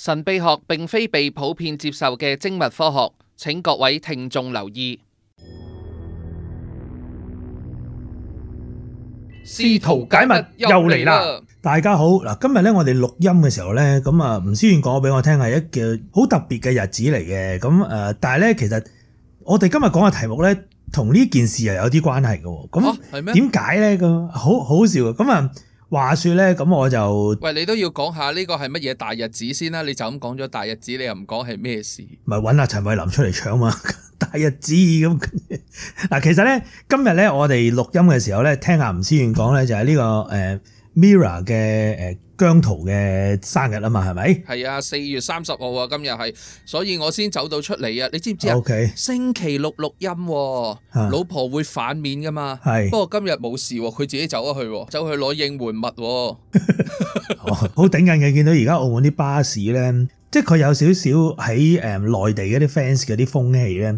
神秘學並非被普遍接受嘅精密科學，請各位聽眾留意。試圖解密又嚟啦！大家好，嗱今日咧我哋錄音嘅時候咧，咁啊吳思遠講咗俾我聽係一個好特別嘅日子嚟嘅，咁誒，但係咧其實我哋今日講嘅題目咧，同呢件事又有啲關係嘅，咁點解咧？咁好好笑啊！咁啊～話說咧，咁我就喂，你都要講下呢個係乜嘢大日子先啦啊。你就咁講咗大日子，你又唔講係咩事？咪揾阿陳慧琳出嚟搶嘛， 大日子咁。嗱， 其實咧今日咧我哋錄音嘅時候咧，聽阿吳思遠講咧就係、是、呢、呢個誒。呃 Mirror 嘅誒姜濤嘅生日啊嘛，係咪？係啊，四月三十號啊，今日係，所以我先走到出嚟啊！你知唔知啊？OK，星期六錄音，老婆會反面噶嘛？係。不過今日冇事喎，佢自己走咗去，走去攞應援物。好頂硬嘅，見到而家澳門啲巴士咧，即係佢有少少喺誒內地嗰啲 fans 嗰啲風氣咧，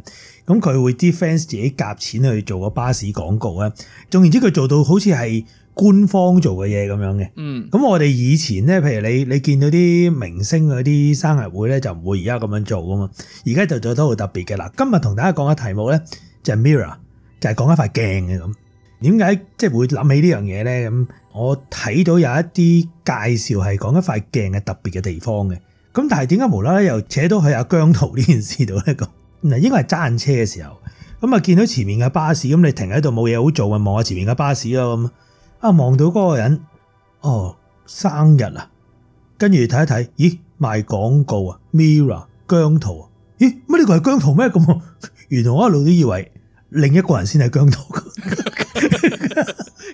咁佢會啲 fans 自己夾錢去做個巴士廣告啊！總言之佢做到好似係，官方做嘅嘢咁樣嘅，咁、嗯、我哋以前咧，譬如你你見到啲明星嗰啲生日會咧，就唔會而家咁樣做噶嘛。而家就做得好特別嘅啦。今日同大家講嘅題目咧，就係、是、Mirror，就係講一塊鏡嘅咁。點解即係會諗起呢樣嘢咧？咁我睇到有一啲介紹係講一塊鏡嘅特別嘅地方嘅。咁但係點解無啦啦又扯到去阿姜濤呢件事度咧？咁嗱，應該係揸緊車嘅時候，咁啊見到前面嘅巴士，咁你停喺度冇嘢好做啊，望下前面嘅巴士咯咁。啊！望到嗰個人，哦，生日啊！跟住睇一睇，咦，賣廣告啊，Mirror 姜濤啊，咦，乜呢個係姜濤咩？咁原來我一路都以為另一個人先係姜濤㗎。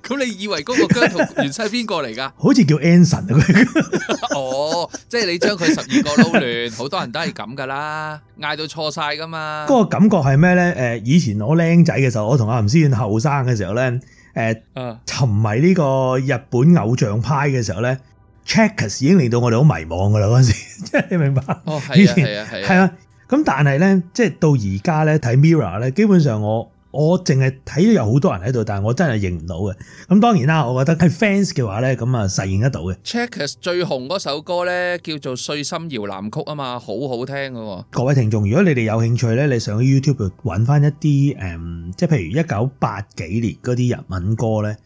咁你以為嗰個姜濤原妻係邊個嚟噶？好似叫 Anson 啊。個 哦，即係你將佢十二個撈亂，好 多人都係咁噶啦，嗌到錯晒噶嘛。嗰個感覺係咩咧？誒，以前我靚仔嘅時候，我同阿吳思遠後生嘅時候咧。誒，沉迷呢個日本偶像派嘅時候咧，Checkers、啊、已經令到我哋好迷茫噶啦嗰陣時，即係你明白？哦，係啊，係啊，係啊，咁、啊、但係咧，即係到而家咧睇 Mirror 咧，基本上我。我淨係睇到有好多人喺度，但係我真係認唔到嘅。咁當然啦，我覺得係 fans 嘅話咧，咁啊實現得到嘅。Checkers 最紅嗰首歌咧，叫做《碎心搖籃曲》啊嘛，好好聽喎。各位聽眾，如果你哋有興趣咧，你上 YouTube 揾翻一啲誒，即係譬如一九八幾年嗰啲日文歌咧，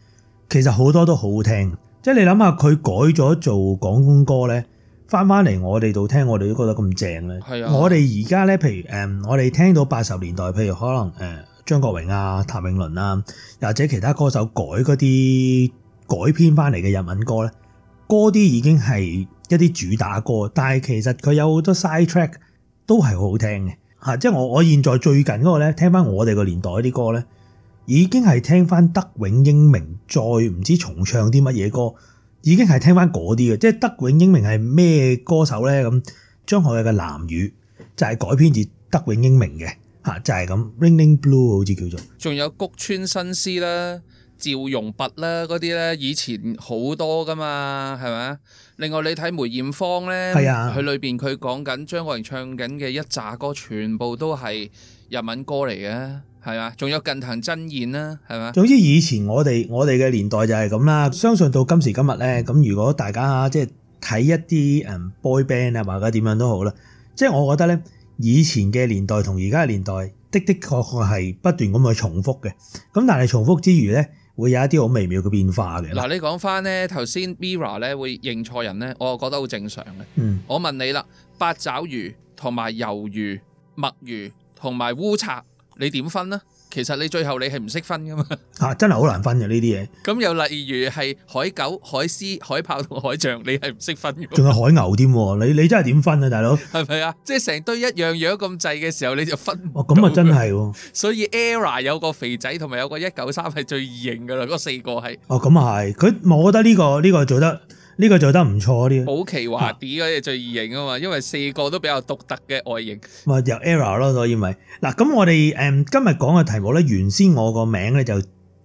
其實好多都好好聽。即係你諗下，佢改咗做廣東歌咧，翻翻嚟我哋度聽，我哋都覺得咁正咧。係啊。我哋而家咧，譬如誒，我哋聽到八十年代，譬如可能、呃張國榮啊、譚詠麟啊，又或者其他歌手改嗰啲改編翻嚟嘅日文歌咧，嗰啲已經係一啲主打歌，但係其實佢有好多 side track 都係好好聽嘅、啊、即係我我現在最近嗰個咧，聽翻我哋個年代啲歌咧，已經係聽翻德永英明再唔知重唱啲乜嘢歌，已經係聽翻嗰啲嘅。即係德永英明係咩歌手咧？咁張學友嘅《藍雨》就係改編自德永英明嘅。吓、啊、就係、是、咁，Ringling Blue 好似叫做。仲有谷村新司啦、趙容弼啦嗰啲咧，以前好多噶嘛，係咪？另外你睇梅艷芳咧，佢、啊、裏邊佢講緊張國榮唱緊嘅一扎歌，全部都係日文歌嚟嘅，係咪？仲有近藤真彥啦，係咪？總之以前我哋我哋嘅年代就係咁啦。相信到今時今日咧，咁如果大家即係睇一啲 boy band 啊，或者點樣都好啦，即係我覺得咧。以前嘅年代同而家嘅年代的的確確係不斷咁去重複嘅，咁但係重複之餘呢，會有一啲好微妙嘅變化嘅。嗱，你講翻呢頭先 Mirror 呢會認錯人呢，我覺得好正常嘅。嗯，我問你啦，八爪魚同埋魷魚、墨魚同埋烏賊，你點分呢？其實你最後你係唔識分噶嘛吓、啊，真係好難分嘅呢啲嘢。咁又例如係海狗、海獅、海豹同海象，你係唔識分，仲有海牛添， 你你真係點分啊，大佬？係咪啊？即係成堆一樣樣咁滯嘅時候，你就分。哦，咁啊，真係。所以 Error 有個肥仔同埋有個一九三係最有型噶啦，嗰四個係。哦，咁啊係。佢我覺得呢、這個呢、這個做得。呢個做得唔錯啲，好奇滑啲嗰啲最易型啊嘛，因為四個都比較獨特嘅外形。咪有 Error 咯，所以咪嗱。咁我哋誒今日講嘅題目咧，原先我個名咧就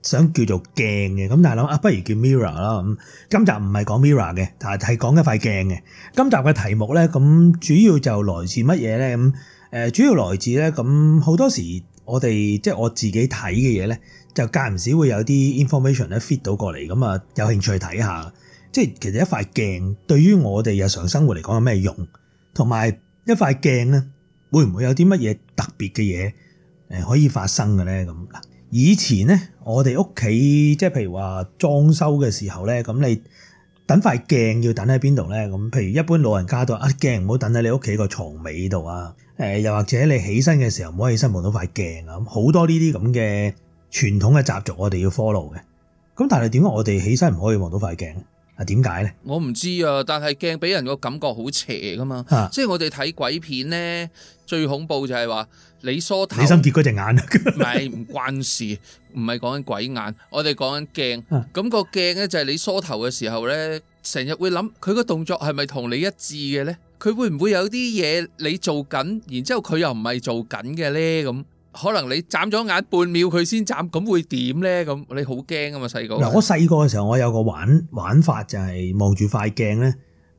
想叫做鏡嘅。咁但係諗啊，不如叫 Mirror 啦咁。今集唔係講 Mirror 嘅，但係係講一塊鏡嘅。今集嘅題目咧，咁主要就來自乜嘢咧？咁、呃、主要來自咧，咁好多時我哋即係我自己睇嘅嘢咧，就間唔時會有啲 information 咧 fit 到過嚟，咁啊有興趣睇下。即係其實一塊鏡對於我哋日常生活嚟講有咩用？同埋一塊鏡咧，會唔會有啲乜嘢特別嘅嘢誒可以發生嘅咧？咁嗱，以前咧我哋屋企即係譬如話裝修嘅時候咧,咁你等塊鏡要等喺邊度咧？咁譬如一般老人家都話啊，鏡唔好等喺你屋企個床尾度啊。誒，又或者你起身嘅時候唔可以起身望到塊鏡啊。咁好多呢啲咁嘅傳統嘅習俗我哋要 follow 嘅。咁但係點解我哋起身唔可以望到塊鏡？啊，點解咧？我唔知啊，但係鏡俾人個感覺好邪噶嘛，即係我哋睇鬼片咧，最恐怖就係話你梳頭，李生杰嗰隻眼，唔係，唔關事，唔係講緊鬼眼，我哋講緊鏡。咁、啊、個鏡咧就係你梳頭嘅時候咧，成日會諗佢個動作係咪同你一致嘅咧？佢會唔會有啲嘢你做緊，然之後佢又唔係做緊嘅咧咁？可能你眨咗眼半秒，佢先眨，咁會點呢？咁你好驚啊嘛！細個，我細個嘅時候，我，時候我有個玩玩法就係望住塊鏡呢，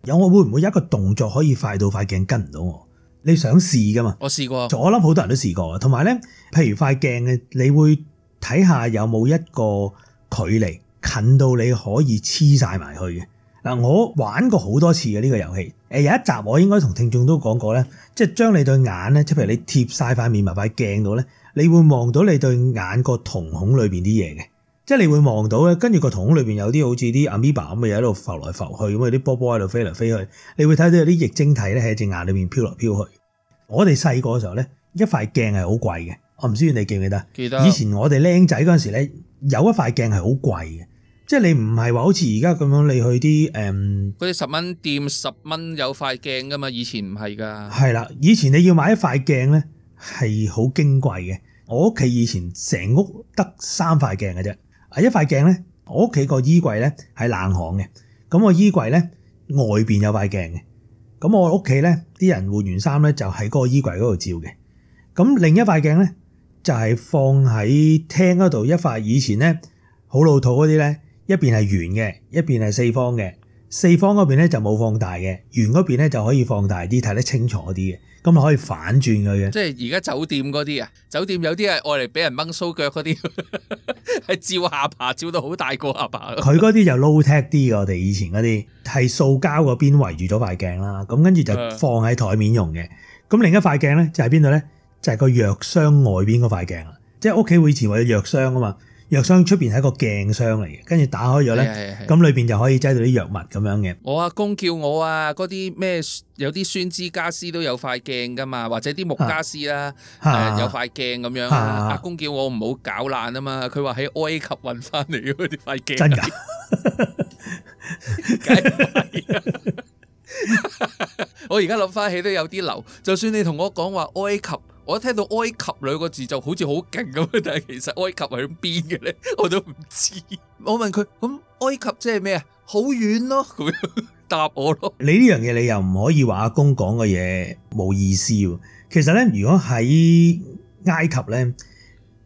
有我會唔會一個動作可以快到塊鏡跟唔到我？你想試噶嘛？我試過。我諗好多人都試過。同埋呢，譬如塊鏡，你會睇下有冇一個距離近到你可以黐晒埋去嘅。嗱，我玩過好多次嘅呢個遊戲，誒有一集我應該同聽眾都講過咧，即係將你對眼咧，即係譬如你貼晒塊面埋塊鏡度咧，你會望到你對眼個瞳孔裏面啲嘢嘅，即係你會望到咧，跟住個瞳孔裏面有啲好似啲阿米巴咁嘅嘢喺度浮來浮去，咁有啲波波喺度飛嚟飛去，你會睇到有啲液晶體咧喺隻眼裏面飄來飄去。我哋細個嘅時候咧，一塊鏡係好貴嘅，我唔知你記唔記得？記得。以前我哋僆仔嗰陣時咧，有一塊鏡係好貴嘅。即係你唔係話好似而家咁樣，你去啲誒嗰啲十蚊店，十蚊有塊鏡噶嘛？以前唔係噶。係啦，以前你要買一塊鏡咧，係好矜貴嘅。我屋企以前成屋得三塊鏡嘅啫。啊，一塊鏡咧，我屋企個衣櫃咧係冷巷嘅，咁個衣櫃咧外邊有塊鏡嘅。咁我屋企咧啲人換完衫咧就喺嗰個衣櫃嗰度照嘅。咁另一塊鏡咧就係放喺廳嗰度一塊，以前咧好老土嗰啲咧。一邊係圓嘅，一邊係四方嘅。四方嗰邊咧就冇放大嘅，圓嗰邊咧就可以放大啲，睇得清楚啲嘅。咁可以反轉佢嘅、嗯、即係而家酒店嗰啲啊，酒店有啲係愛嚟俾人掹酥腳嗰啲，係照下巴照到好大個下巴。佢嗰啲 low tech 啲嘅，我哋以前嗰啲係塑膠嗰邊圍住咗塊鏡啦，咁跟住就放喺台面用嘅。咁的另一塊鏡咧就喺邊度咧？就係、是、個藥箱外邊嗰塊鏡啊！即係屋企會以前為咗藥箱啊嘛。藥箱出邊係一個鏡箱嚟嘅，跟住打開咗咧，咁是裏邊就可以擠到啲藥物咁樣嘅。我阿公叫我啊，嗰啲咩有啲酸枝家私都有塊鏡噶嘛，或者啲木家私啦、啊，啊啊、有塊鏡咁樣、啊啊、阿公叫我唔好搞爛啊嘛，佢話喺埃及運翻嚟嗰啲塊鏡。真噶？ 我而家諗翻起都有啲流，就算你同我講話埃及，我一聽到埃及兩個字就好似好勁咁，但係其實埃及喺邊嘅呢？我都唔知。我問佢，咁埃及即係咩啊？好遠咯， 答我咯。你呢樣嘢你又唔可以話阿公講嘅嘢冇意思。其實呢，如果喺埃及呢，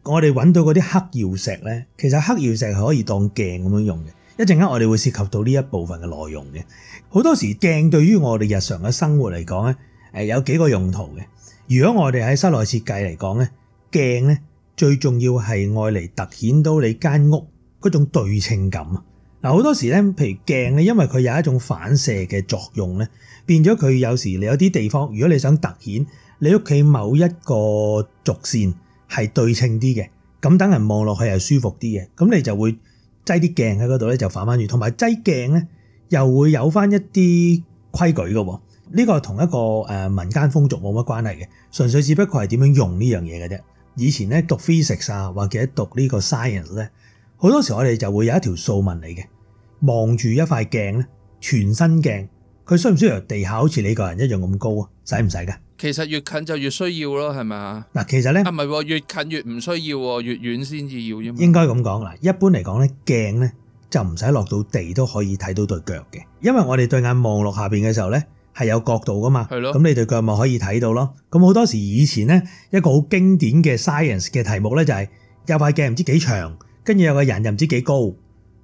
我哋揾到嗰啲黑曜石呢，其實黑曜石係可以當鏡咁樣用嘅。一陣間我哋會涉及到呢一部分嘅內容嘅，好多時鏡對於我哋日常嘅生活嚟講咧，誒有幾個用途嘅。如果我哋喺室內設計嚟講咧，鏡咧最重要係愛嚟突顯到你間屋嗰種對稱感。嗱好多時咧，譬如鏡咧，因為佢有一種反射嘅作用咧，變咗佢有時你有啲地方，如果你想突顯你屋企某一個軸線係對稱啲嘅，咁等人望落去係舒服啲嘅，咁你就會。擠啲鏡喺嗰度咧就反翻轉，同埋擠鏡咧又會有翻一啲規矩嘅喎。呢個同一個民間風俗冇乜關係嘅，純粹只不過係點樣用呢樣嘢嘅啫。以前咧讀 physics 啊或者讀呢個 science 咧，好多時我哋就會有一條數問你嘅，望住一塊鏡咧，全身鏡，佢需唔需要，需要由地下好似你個人一樣咁高啊？使唔使㗎？其實越近，就越需要咯，係咪啊？嗱，其實咧，唔係越近越唔需要，越遠先至要。應該咁講啦。一般嚟講咧，鏡咧就唔使落到地都可以睇到對腳嘅，因為我哋對眼望落下邊嘅時候咧，係有角度噶嘛。係咯的。咁你對腳咪可以睇到咯。咁好多時以前咧，一個好經典嘅 science 嘅題目咧，就是，就係有塊鏡唔知幾長，跟住有個人又唔知幾高，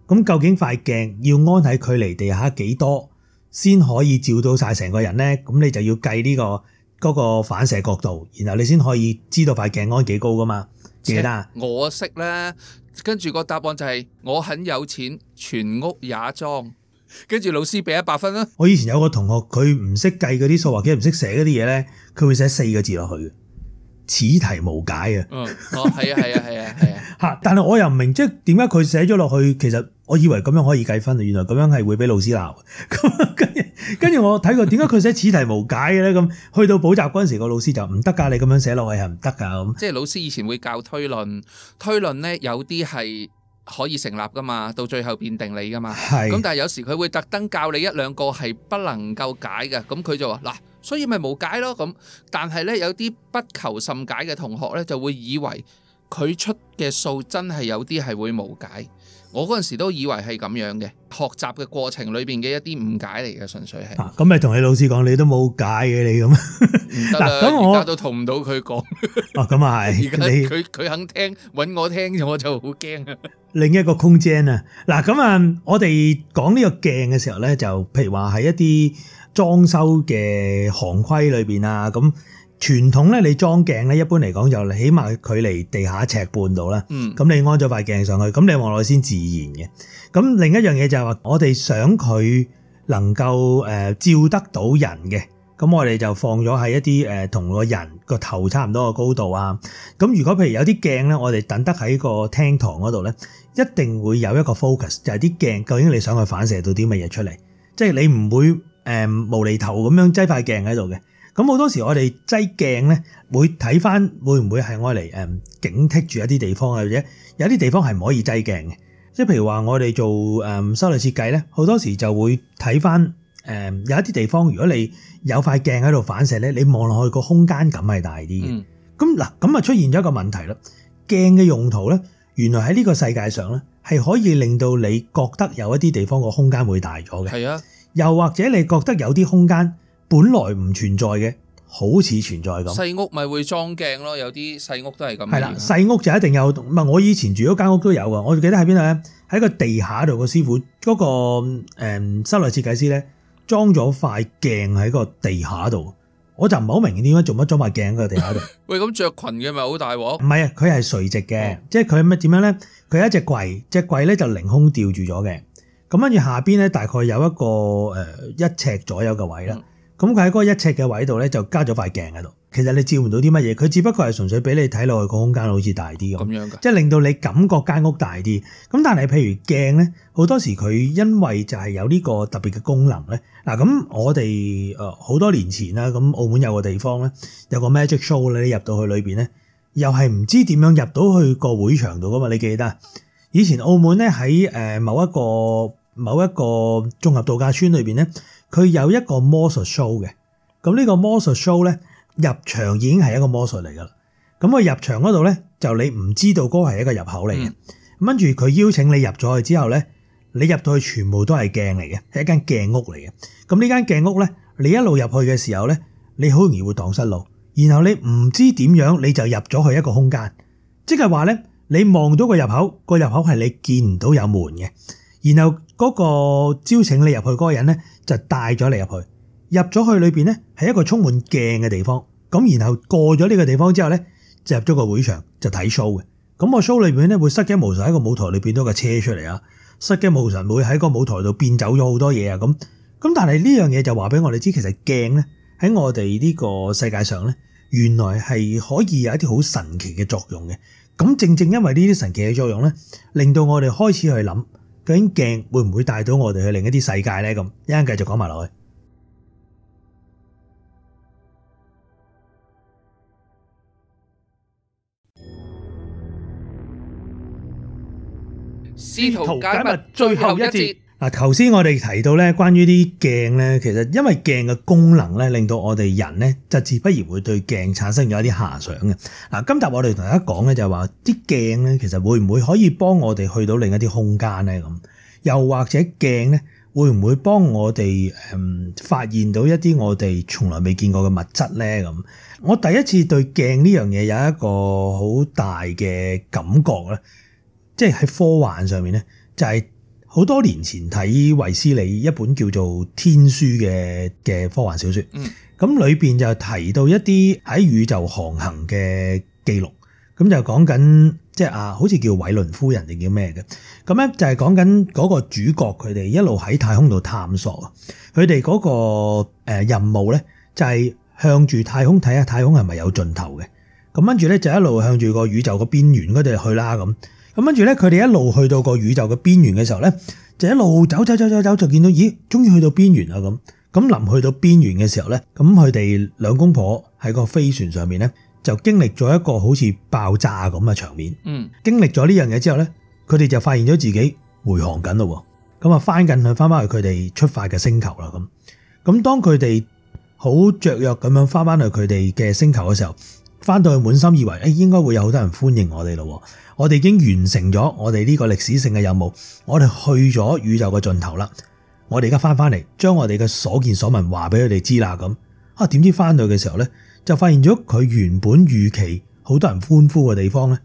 咁究竟塊鏡要安喺距離地下幾多先可以照到晒成個人咧？咁你就要計呢，這個。嗰個反射角度，然後你先可以知道塊鏡安幾高噶嘛？記得我識啦，跟住個答案就係我很有錢，全屋也裝，跟住老師俾一百分啦。我以前有個同學，佢唔識計嗰啲數，或者唔識寫嗰啲嘢咧，佢會寫四個字落去，此題無解啊！嗯，哦，係啊，係啊，係啊，係啊。嚇！但係我又唔明，即係點解佢寫咗落去？其實我以為咁樣可以計分，原來咁樣係會俾老師鬧。咁跟住，跟住我睇過點解佢寫此題無解嘅咧？咁去到補習嗰陣時，個老師就唔得㗎，你咁樣寫落去係唔得㗎。咁即係老師以前會教推論，推論咧有啲係可以成立㗎嘛，到最後變定理㗎嘛。係。咁但係有時佢會特登教你一兩個係不能夠解嘅，咁佢就話嗱，所以咪無解咯。咁但係咧有啲不求甚解嘅同學咧就會以為。佢出嘅數真係有啲係會冇解，我嗰陣時都以為係咁樣嘅，學習嘅過程裏面嘅一啲誤解嚟嘅，純粹係。咁咪同你老師講，你，你、啊啊、都冇解嘅你咁，得啦，而家都同唔到佢講。哦，咁啊係。佢佢肯聽搵我聽，我就好驚、啊。另一個空間啊，嗱咁啊，我哋講呢個鏡嘅時候咧，就譬如話係一啲裝修嘅行規裏面啊，咁。傳統咧，你裝鏡咧，一般嚟講就起碼距離地下一尺半度啦。嗯，咁你安咗塊鏡上去，咁你望落去先自然嘅。咁另一樣嘢就係話，我哋想佢能夠誒照得到人嘅，咁我哋就放咗喺一啲誒同個人個頭差唔多嘅高度啊。咁如果譬如有啲鏡咧，我哋等得喺個廳堂嗰度咧，一定會有一個 focus，就係啲鏡究竟你想佢反射到啲乜嘢出嚟，即係你唔會誒、呃、無厘頭咁樣擠塊鏡喺度嘅。咁好多時我哋擠鏡咧，會睇翻會唔會係我嚟誒警惕住一啲地方呀，或者有啲地方係唔可以擠鏡嘅，即係譬如話我哋做誒修理設計咧，好多時就會睇翻誒有一啲地方，如果你有塊鏡喺度反射咧，你望落去個空間感係大啲嘅。咁嗱，咁啊出現咗一個問題啦，鏡嘅用途咧，原來喺呢個世界上咧係可以令到你覺得有一啲地方個空間會大咗嘅。係啊，又或者你覺得有啲空間。本來唔存在嘅，好似存在咁。細屋咪會裝鏡咯，有啲細屋都係咁。係啦，細屋就一定有，唔係我以前住嗰間屋都有啊。我記得喺邊度咧？喺個地下度個師傅嗰、嗰個、嗯、室內設計師咧，裝咗塊鏡喺個地下度。我就唔係好明點解做乜裝塊鏡喺個地下度。 喂，咁着裙嘅咪好大鑊？唔係啊，佢係垂直嘅，嗯、即係佢咩點樣咧？佢一隻櫃，隻櫃咧就凌空吊住咗嘅。咁跟住下邊咧，大概有一個、呃、一尺左右嘅位啦。嗯咁佢喺嗰一尺嘅位度咧，就加咗塊鏡喺度。其實你照唔到啲乜嘢，佢只不過係純粹俾你睇落去個空間好似大啲咁樣㗎，即係令到你感覺間屋大啲。咁但係譬如鏡咧，好多時佢因為就係有呢個特別嘅功能咧。嗱，咁我哋誒好多年前啦，咁澳門有個地方咧，有個 magic show 咧，入到去裏面咧，又係唔知點樣入到去個會場度噶嘛？你記得以前澳門咧喺誒某一個某一個綜合度假村裏面咧。佢有一個魔術 show 嘅，咁呢個魔術 show 咧，入場已經係一個魔 l 嚟噶啦。咁佢入場嗰度咧，就你唔知道嗰係係一個入口嚟嘅。跟住佢邀請你入咗去之後咧，你入到去全部都係鏡嚟嘅，係一間鏡屋嚟嘅。咁呢間鏡屋咧，你一路入去嘅時候咧，你好容易會擋失路。然後你唔知點樣你就入咗去一個空間，即係話咧，你望到個入口，個入口係你見唔到有門嘅，然後。嗰個邀請你入去嗰個人咧，就帶咗你入去。入咗去裏邊咧，係一個充滿鏡嘅地方。咁然後過咗呢個地方之後咧，入咗個會場就睇 show 嘅。咁個 show 裏邊咧，會失驚無神喺個舞台裏邊多架車出嚟啊！失驚無神會喺個舞台度變走咗好多嘢啊！咁咁，但係呢樣嘢就話俾我哋知，其實鏡咧喺我哋呢個世界上咧，原來係可以有一啲好神奇嘅作用嘅。咁正正因為呢啲神奇嘅作用咧，令到我哋開始去諗。究竟鏡會唔會帶到我哋去另一啲世界呢？咁一陣繼續講埋落去。試圖解密最後一節。嗱，頭先我哋提到咧，關於啲鏡咧，其實因為鏡嘅功能咧，令到我哋人咧，就自不然會對鏡產生咗一啲遐想嘅。嗱，今集我哋同大家講咧，就係話啲鏡咧，其實會唔會可以幫我哋去到另一啲空間咧？咁，又或者鏡咧，會唔會幫我哋誒發現到一啲我哋從來未見過嘅物質咧？咁，我第一次對鏡呢樣嘢有一個好大嘅感覺咧，即係喺科幻上面咧，就係。好多年前睇衛斯理一本叫做《天書》嘅嘅科幻小說，咁裏面就提到一啲喺宇宙航行嘅記錄，咁就講緊即係啊，好似叫韋倫夫人定叫咩嘅，咁咧就係講緊嗰個主角佢哋一路喺太空度探索，佢哋嗰個誒任務咧就係向住太空睇下太空係咪有盡頭嘅，咁跟住咧就一路向住個宇宙個邊緣嗰度去啦咁。咁跟住咧，佢哋一路去到個宇宙嘅邊緣嘅時候咧，就一路走走走走走，就見到咦，終於去到邊緣啦咁。咁臨去到邊緣嘅時候咧，咁佢哋兩公婆喺個飛船上面咧，就經歷咗一個好似爆炸咁嘅場面。嗯，經歷咗呢樣嘢之後咧，佢哋就發現咗自己回航緊咯。咁啊，翻緊去翻翻去佢哋出發嘅星球啦。咁，咁當佢哋好雀躍咁樣翻翻去佢哋嘅星球嘅時候。翻到去滿心以為誒，應該會有好多人歡迎我哋咯，我哋已經完成咗我哋呢個歷史性嘅任務，我哋去咗宇宙嘅盡頭啦，我哋而家翻翻嚟，將我哋嘅所見所聞話俾佢哋知啦咁。啊，點知翻到去嘅時候咧，就發現咗佢原本預期好多人歡呼嘅地方咧，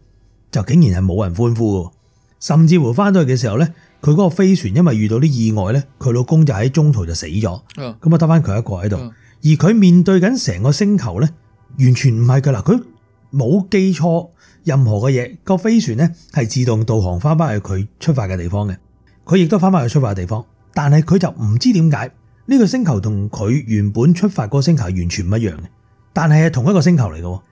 就竟然係冇人歡呼喎。甚至乎翻到去嘅時候咧，佢嗰個飛船因為遇到啲意外咧，佢老公就喺中途就死咗，咁啊得翻佢一個喺度，而佢面對緊成個星球咧。完全唔係㗎啦，佢冇記錯任何嘅嘢。個飛船咧係自動導航翻返去佢出發嘅地方嘅，佢亦都翻返去出發嘅地方。但係佢就唔知點解呢個星球同佢原本出發個星球係完全唔一樣嘅，但係係同一個星球嚟嘅。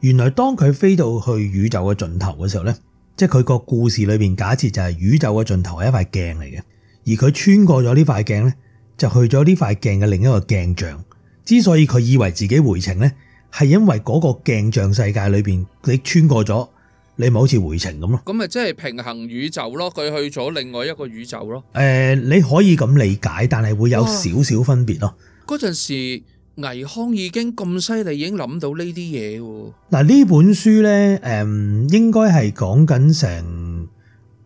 原來當佢飛到去宇宙嘅盡頭嘅時候咧，即係佢個故事裏邊假設就係宇宙嘅盡頭係一塊鏡嚟嘅，而佢穿過咗呢塊鏡咧，就去咗呢塊鏡嘅另一個鏡像。之所以佢以為自己回程咧。係因為嗰個鏡像世界裏邊，你穿過咗，你咪好似回程咁咯。咁咪即係平衡宇宙咯，佢去咗另外一個宇宙咯。誒、呃,你可以咁理解，但係會有少少分別咯。嗰陣時，倪匡已經咁犀利，已經諗到呢啲嘢。嗱，呢本書咧，誒、呃,應該係講緊成。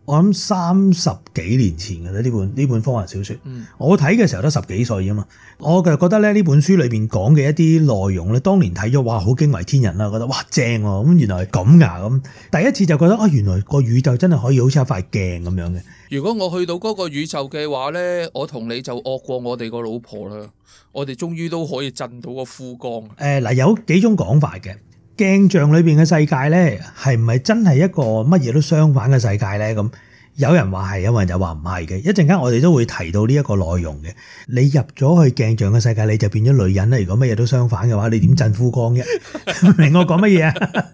我諗三十幾年前嘅咧，呢本呢本科幻小說，嗯、我睇嘅時候得十幾歲啊嘛。我就覺得咧，呢本書裏邊講嘅一啲內容咧，當年睇咗哇好驚為天人啦，覺得哇正咁、啊，原來係咁噶咁。第一次就覺得啊，原來個宇宙真係可以好似一塊鏡咁樣嘅。如果我去到嗰個宇宙嘅話咧，我同你就惡過我哋個老婆啦，我哋終於都可以震到個富光。誒嗱、呃，有幾種講法嘅，鏡像裏邊嘅世界咧，係唔係真係一個乜嘢都相反嘅世界咧？咁有人話係，有人就話唔係嘅。一陣間我哋都會提到呢一個內容嘅。你入咗去鏡像嘅世界，你就變咗女人啦。如果乜嘢都相反嘅話，你點振夫綱嘅？ 明我講乜嘢啊？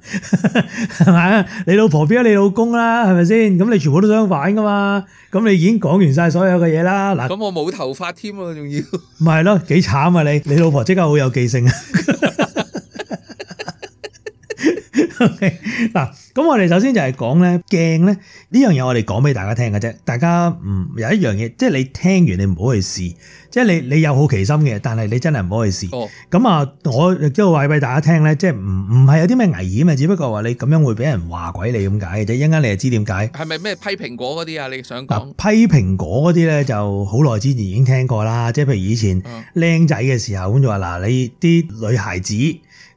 係咪 你老婆變咗你老公啦，係咪先？咁你全部都相反噶嘛？咁你已經講完晒所有嘅嘢啦。嗱，咁我冇頭髮添喎，仲要。唔 囉，咯，幾慘啊！你你老婆即刻好有記性啊！ 嗱，咁、okay，我哋首先就係講咧鏡咧呢樣嘢，我哋講俾大家聽嘅啫。大家唔、嗯、有一樣嘢，即係你聽完你唔好去試，即係你你有好奇心嘅，但係你真係唔好去試。咁啊、哦，我亦都話俾大家聽咧，即係唔唔係有啲咩危險啊？只不過話你咁樣會俾人話鬼你咁解嘅啫，一陣間你就知點解。係咪咩批蘋果嗰啲啊？你想講批蘋果嗰啲咧，就好耐之前已經聽過啦。即係譬如以前靚仔嘅時候，咁就話嗱，你啲女孩子。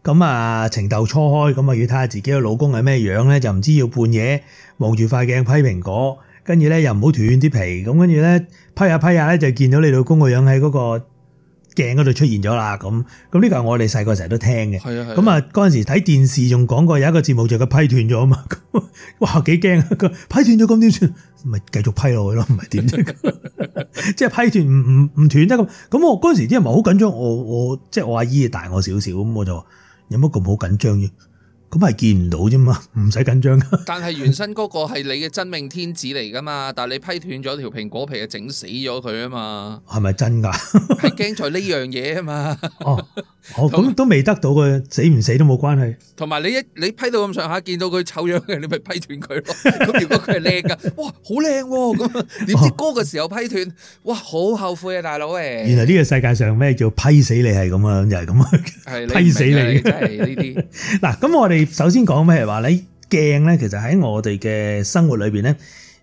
咁啊情竇初開，咁啊要睇下自己個老公係咩樣咧，就唔知要半夜望住塊鏡批蘋果，跟住咧又唔好斷啲皮，咁跟住咧批下批下咧就見到你老公個樣喺嗰個鏡嗰度出現咗啦，咁咁呢個係我哋細個成日都聽嘅。咁啊嗰陣、啊、時睇電視仲講過有一個節目就佢批斷咗啊嘛，哇幾驚啊！批斷咗咁點算？咪繼續批落去咯，唔係點啫？即係 批斷唔唔唔斷得？咁。咁我嗰陣時啲人咪好緊張，我我即係我阿姨大我少少，咁我就。有乜咁好緊張嘅？咁係見唔到啫嘛，唔使緊張。但係原身嗰個係你嘅真命天子嚟噶嘛，但係你批斷咗條蘋果皮啊，整死咗佢啊嘛。係咪真噶？係 驚在呢樣嘢啊嘛哦。哦，咁、 哦、都未得到佢，死唔死都冇關係。同埋你一你批到咁上下，見到佢醜樣嘅，你咪批斷佢咯。咁 如果佢係靚噶，哇，好靚喎！咁點知哥嘅時候批斷，哇，好後悔啊，大佬誒、欸。原來呢個世界上咩叫批死你係咁啊？又係咁啊？係批死你係呢啲。嗱，咁 我哋。首先講咩？譬如話你鏡咧，其實喺我哋嘅生活裏邊咧，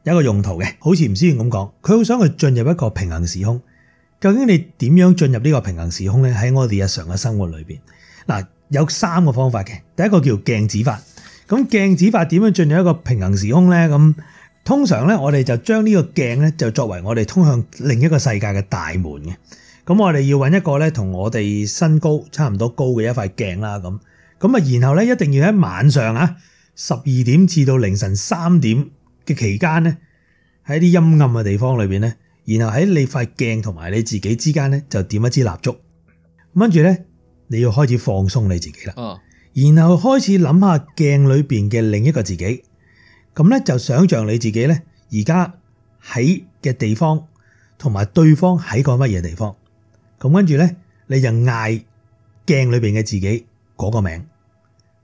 有一個用途嘅。好似吳思源咁講，佢好想去進入一個平行時空。究竟你點樣進入呢個平行時空咧？喺我哋日常嘅生活裏邊，嗱，有三個方法嘅。第一個叫做鏡子法。咁鏡子法點樣進入一個平行時空咧？咁通常咧，我哋就將呢個鏡咧，就作為我哋通向另一個世界嘅大門嘅。咁我哋要搵一個咧，同我哋身高差唔多高嘅一塊鏡啦。咁。咁啊，然後咧一定要喺晚上啊，十二點至到凌晨三點嘅期間咧，喺啲陰暗嘅地方裏面咧，然後喺你塊鏡同埋你自己之間咧，就點一支蠟燭，跟住咧你要開始放鬆你自己啦。哦，然後開始諗下鏡裏面嘅另一個自己，咁咧就想像你自己咧而家喺嘅地方，同埋對方喺個乜嘢地方？咁跟住咧你就嗌鏡裏面嘅自己嗰個名。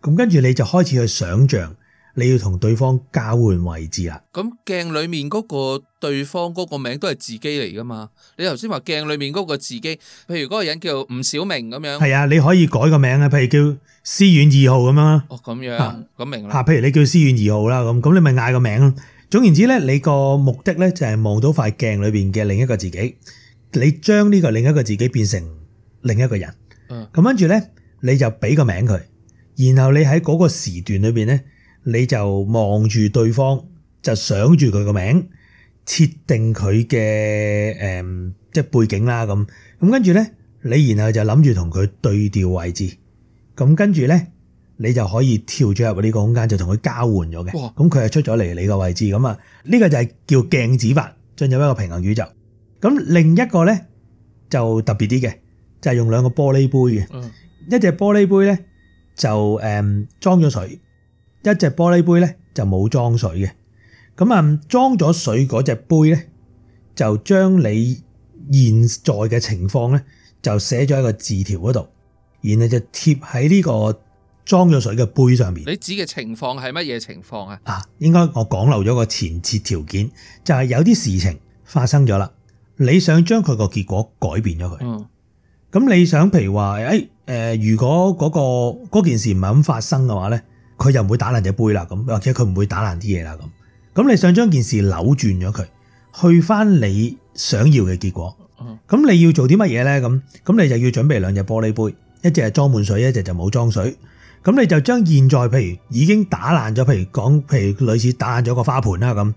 咁跟住你就開始去想像，你要同對方交換位置啦。咁鏡裏面嗰個對方嗰個名都係自己嚟噶嘛？你頭先話鏡裏面嗰個自己，譬如嗰個人叫吳小明咁樣。係啊，你可以改個名啊，譬如叫思遠二號咁樣。哦，咁樣，咁明啦。嚇，譬如你叫思遠二號啦，咁咁你咪嗌個名啦。總言之咧，你個目的咧就係望到塊鏡裏邊嘅另一個自己，你將呢個另一個自己變成另一個人。嗯。咁跟住咧，你就俾個名佢。然後你喺嗰個時段裏面咧，你就望住對方，就想住佢個名，設定佢嘅誒即係背景啦。咁咁跟住咧，你然後就諗住同佢對調位置。咁跟住咧，你就可以跳咗入呢個空間，就同佢交換咗嘅。咁佢係出咗嚟你個位置咁啊。呢、這個就係叫鏡子法進入一個平行宇宙。咁另一個咧就特別啲嘅，就係、是、用兩個玻璃杯嘅，嗯、一隻玻璃杯咧。就誒、嗯、裝咗水，一隻玻璃杯咧就冇裝水嘅。咁、嗯、啊，裝咗水嗰隻杯咧，就將你現在嘅情況咧，就寫咗喺個字條嗰度，然後就貼喺呢個裝咗水嘅杯上面。你指嘅情況係乜嘢情況啊？啊，應該我講漏咗個前設條件，就係、是、有啲事情發生咗啦。你想將佢個結果改變咗佢，咁、嗯、你想譬如話，哎誒、呃，如果嗰、那、嗰、個、件事唔係咁發生嘅話咧，佢又唔會打爛隻杯啦，咁或者佢唔會打爛啲嘢啦，咁咁你想將件事扭轉咗佢，去返你想要嘅結果，咁你要做啲乜嘢咧？咁咁你就要準備兩隻玻璃杯，一隻係裝滿水，一隻就冇裝水。咁你就將現在譬如已經打爛咗，譬如講，譬如類似打爛咗個花盆啦，咁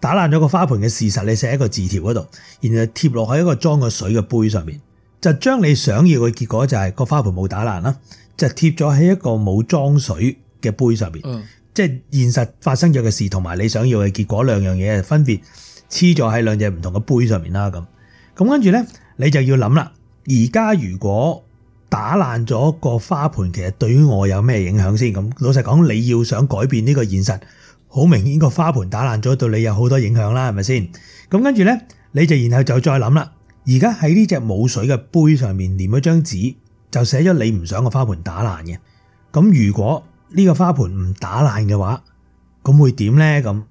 打爛咗個花盆嘅事實，你寫喺個字條嗰度，然後貼落喺一個裝個水嘅杯上面。就將你想要嘅結果就係個花盆冇打爛啦，就貼咗喺一個冇裝水嘅杯上面。嗯，即係現實發生咗嘅事同埋你想要嘅結果兩樣嘢分別黐咗喺兩隻唔同嘅杯上面啦。咁咁跟住咧，你就要諗啦。而家如果打爛咗個花盆，其實對我有咩影響先？咁老實講，你要想改變呢個現實，好明顯個花盆打爛咗對你有好多影響啦，係咪先？咁跟住咧，你就然後就再諗啦。而家喺呢隻冇水嘅杯上面粘咗張紙，就寫咗你唔想個花盆打爛嘅。咁如果呢個花盆唔打爛嘅話，咁會點呢？咁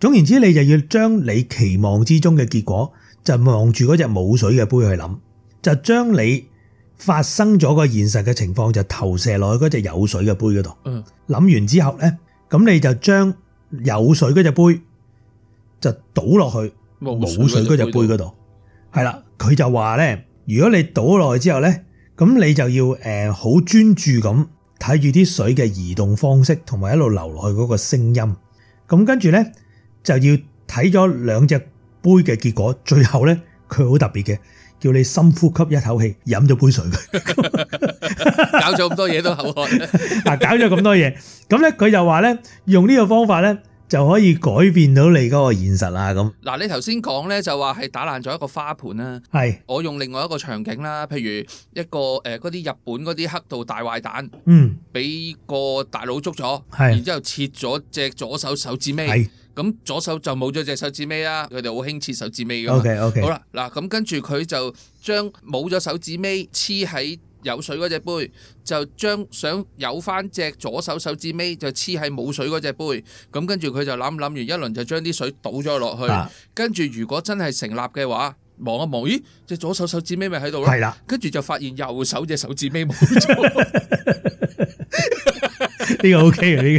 總言之，你就要將你期望之中嘅結果，就望住嗰隻冇水嘅杯去諗，就將你發生咗個現實嘅情況，就投射落去嗰隻有水嘅杯嗰度。嗯，諗完之後呢，咁你就將有水嗰隻杯就倒落去冇水嗰隻杯嗰度，係啦。佢就話咧，如果你倒落去之後咧，咁你就要誒好專注咁睇住啲水嘅移動方式，同埋一路流落去嗰個聲音。咁跟住咧就要睇咗兩隻杯嘅結果。最後咧，佢好特別嘅，叫你深呼吸一口氣，飲咗杯水。 搞咗咁多嘢都口渴。 嗱，搞咗咁多嘢，咁咧佢就話咧，用呢個方法咧。就可以改變到你嗰個現實啦咁。嗱，你頭先講呢就話係打爛咗一個花盆啦。係是我用另外一個場景啦，譬如一個誒嗰啲日本嗰啲黑道大壞蛋，嗯，俾個大佬捉咗，是然之後切咗隻左手手指尾，係是，咁左手就冇咗隻手指尾啦。佢哋好興切手指尾㗎嘛 O K O K。Okay, okay. 好啦，嗱咁跟住佢就將冇咗手指尾黐喺。有水嗰隻杯，就將想有返隻左手手指尾就黐喺冇水嗰隻杯，咁跟住佢就諗諗完一輪就將啲水倒咗落去，跟住如果真係成立嘅話，望一望，咦，隻左手手指尾咪喺度咯，跟住就發現右手隻手指尾冇咗，呢個 OK 嘅呢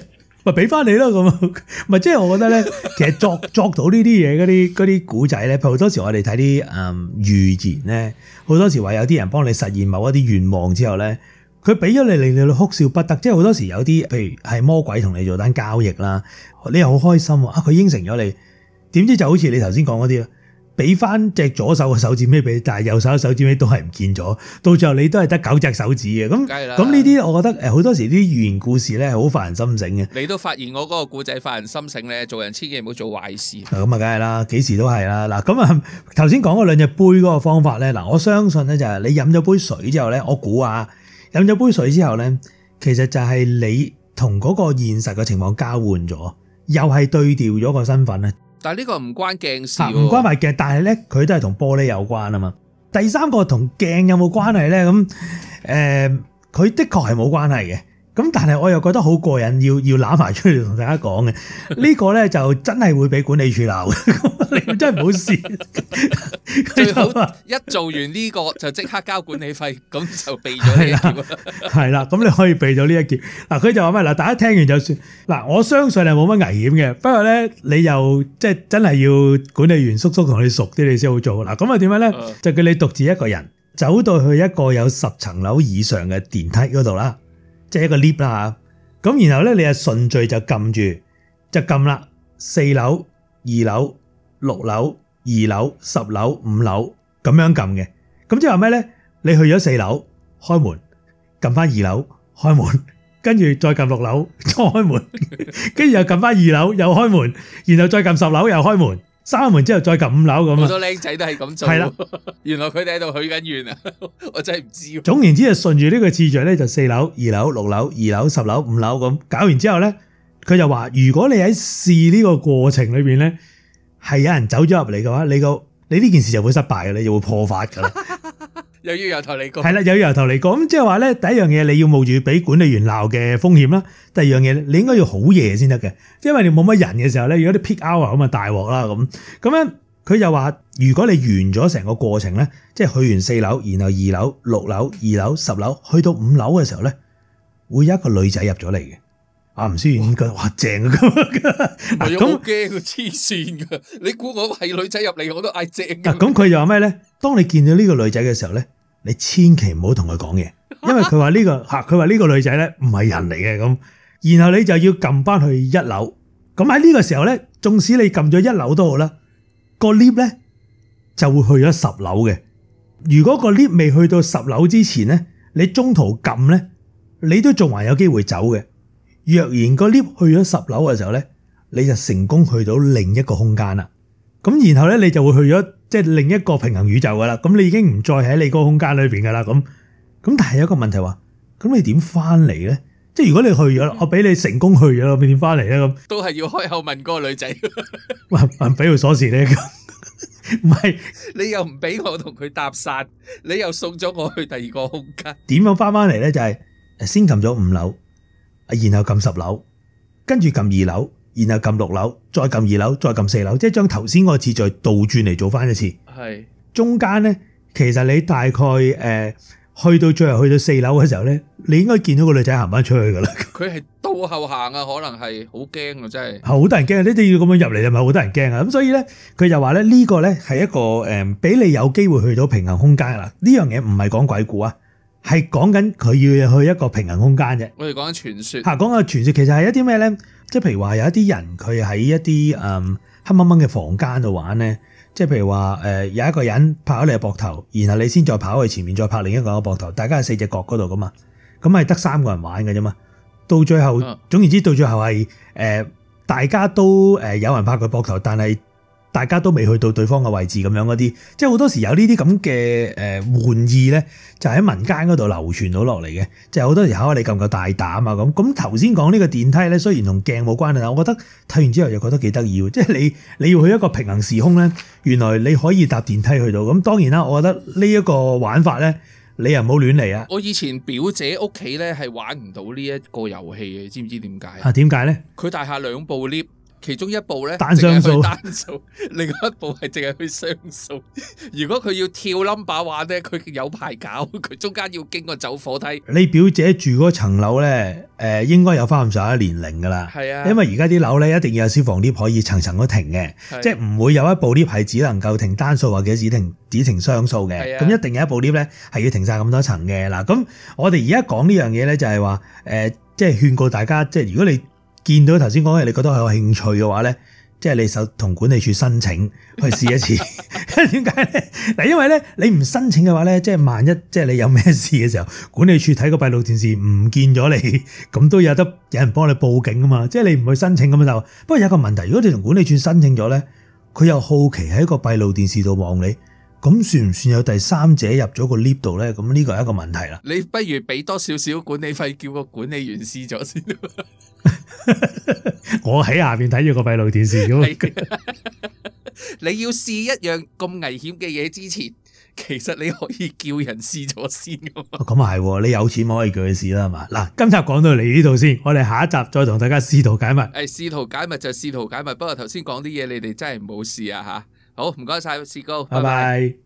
個。咪俾翻你咯，咁咪即係我覺得咧， 其實作作到呢啲嘢嗰啲嗰啲古仔咧，譬如好多時我哋睇啲嗯預言咧，好多時話有啲人幫你實現某一啲願望之後咧，佢俾咗你令你哭笑不得，即係好多時有啲譬如係魔鬼同你做單交易啦，你又好開心啊，佢應承咗你，點知就好似你頭先講嗰啲啊。俾翻隻左手嘅手指尾俾你，但係右手個手指尾都係唔見咗。到最後你都係得九隻手指嘅。咁梗係啦，咁呢啲，我覺得誒好多時啲寓言故事咧，好發人心醒嘅。你都發現我嗰個故仔發人心醒咧，做人千祈唔好做壞事。咁啊，梗係啦，幾時都係啦。嗱，咁啊，頭先講嗰兩隻杯嗰個方法咧，嗱，我相信咧就係你飲咗杯水之後咧，我估啊，飲咗杯水之後咧，其實就係你同嗰個現實嘅情況交換咗，又係對調咗個身份咧。但呢個唔關鏡事，唔關埋鏡，但係呢，佢都係同玻璃有關啊嘛。第三個同鏡有冇關係呢？咁、呃、誒，佢的確係冇關係嘅。咁但係我又覺得好過癮，要要攬埋出嚟同大家講嘅呢個咧，就真係會俾管理處鬧嘅。 你真係唔好試，最好一做完呢個就即刻交管理費，咁 就避咗呢件。係啦了，咁 你可以避咗呢一件。嗱，佢就話咩？嗱，大家聽完就算。嗱，我相信係冇乜危險嘅。不過咧，你又即係真係要管理員叔叔同你熟啲，你先好做。嗱，咁啊點樣咧？就叫你獨自一個人走到去一個有十層樓以上嘅電梯嗰度啦。即係一個 lift，咁然後咧，你係順序就撳住，就撳啦，四樓、二樓、六樓、二樓、十樓、五樓，咁樣撳嘅。咁即係話咩咧？你去咗四樓開門，撳翻二樓開門，跟住再撳六樓再開門，跟住又撳翻二樓又開門，然後再撳十樓又開門。閂門之後再撳五樓咁啊！好多靚仔都係咁做，係啦的，原來佢哋喺度許緊願啊！我真係唔知。總言之，就順住呢個次序咧，就四樓、二樓、六樓、二樓、十樓、五樓咁。搞完之後咧，佢就話：如果你喺試呢個過程裏邊咧，係有人走咗入嚟嘅話，你個你呢件事就會失敗嘅，你就會破發噶啦。 又要由頭嚟講，係啦，又要由頭嚟講，咁即係話咧，第一樣嘢你要冒住俾管理員鬧嘅風險啦，第二樣嘢你應該要好夜先得嘅，因為你冇乜人嘅時候咧，如果你 pick out 咁啊大鑊啦咁，咁樣佢又話如果你完咗成個過程咧，即係去完四樓，然後二樓、六樓、二樓、十樓，去到五樓嘅時候咧，會有一個女仔入咗嚟嘅。阿吳、啊、思遠覺得哇，哇正啊咁，我咁驚佢黐線噶。你估我係女仔入嚟，我都嗌正㗎。咁佢就話咩咧？當你見到呢個女仔嘅時候咧，你千祈唔好同佢講嘢，因為佢話呢個吓，佢話呢個女仔咧唔係人嚟嘅咁。然後你就要撳翻去一樓。咁喺呢個時候咧，縱使你撳咗一樓都好啦，個 lift 咧就會去咗十樓嘅。如果個 lift 未去到十樓之前咧，你中途撳咧，你都仲還有機會走嘅。若然個 lift 去咗十樓嘅時候咧，你就成功去到另一個空間啦。咁然後咧，你就會去咗即係另一個平行宇宙噶啦。咁你已經唔再喺你嗰個空間裏邊噶啦。咁咁但係有一個問題話，咁你點翻嚟咧？即係如果你去咗，我俾你成功去咗，咁點翻嚟咧？咁都係要開口問個女仔，問問俾個鎖匙你咁，唔係你又唔俾我同佢搭訕，你又送咗我去第二個空間。點樣翻翻嚟咧？就係先撳咗五樓。啊，然後撳十樓，跟住撳二樓，然後撳六樓，再撳二樓，再撳四樓，即係將頭先嗰次再倒轉嚟做翻一次。係中間咧，其實你大概誒去到最後去到四樓嘅時候咧，你應該見到個女仔行翻出去㗎啦。佢係倒後行啊，可能係好驚啊，真係。係好多人驚，你哋要咁樣入嚟，係咪好多人驚啊？咁所以咧，佢就話咧呢個咧係一個誒俾你有機會去到平行空間啦。呢樣嘢唔係講鬼故啊。係講緊佢要去一個平衡空間啫。我哋講緊傳說。吓，講個傳說，其實係一啲咩咧？即係譬如話有一啲人佢喺一啲誒、嗯、黑掹掹嘅房間度玩咧。即係譬如話誒，有一個人拍咗你嘅膊頭，然後你先再跑去前面再拍另一個嘅膊頭。大家係四隻角嗰度噶嘛？咁係得三個人玩嘅啫嘛。到最後，啊、總言之，到最後係誒，大家都誒有人拍佢膊頭，但係。大家都未去到對方嘅位置咁樣嗰啲，即係好多時候有呢啲咁嘅誒玩意咧，就喺、是、民間嗰度流傳到落嚟嘅，即係好多時候你咁夠大膽啊咁。咁頭先講呢個電梯咧，雖然同鏡冇關係，但我覺得睇完之後又覺得幾得意喎。即係你你要去一個平行時空咧，原來你可以搭電梯去到。咁當然啦，我覺得呢一個玩法咧，你又唔好亂嚟啊！我以前表姐屋企咧係玩唔到呢一個遊戲嘅，知唔知點解啊？點解咧？佢大廈兩部 lift。其中一部咧淨係去單數，另外一部係淨係去雙數。如果佢要跳 number 話咧，佢有排搞，佢中間要經過走火梯。你表姐住嗰層樓咧，誒的應該有翻咁上下年齡噶啦。係啊的，因為而家啲樓咧一定要有消防 lift 可以層層都停嘅，的即係唔會有一部 lift 係只能夠停單數或者只停只停雙數嘅。咁的一定有一部 lift 咧係要停晒咁多層嘅嗱。咁我哋而家講呢樣嘢咧，就係話誒，即係勸告大家，即係如果你，見到頭先講嘅，你覺得係有興趣嘅話咧，即係你就同管理處申請去試一次。點解咧？嗱，因為咧，你唔申請嘅話咧，即係萬一即係你有咩事嘅時候，管理處睇個閉路電視唔見咗你，咁都有得有人幫你報警啊嘛。即係你唔去申請咁就不過有一個問題，如果你同管理處申請咗咧，佢又好奇喺個閉路電視度望你，咁算唔算有第三者入咗個 lift 度咧？咁呢個係一個問題啦。你不如俾多少少管理費，叫個管理員試咗先。 我喺下邊睇住個閉路電視 你要試一樣咁危險嘅嘢之前，其實你可以叫人試咗先噶嘛。咁啊係，你有錢可以叫佢試啦係嘛。嗱，今集講到嚟呢度先，我哋下一集再同大家試圖解密。係試圖解密就試圖解密，不過頭先講啲嘢你哋真係冇事啊吓。好，唔該晒，士高，拜拜。拜拜。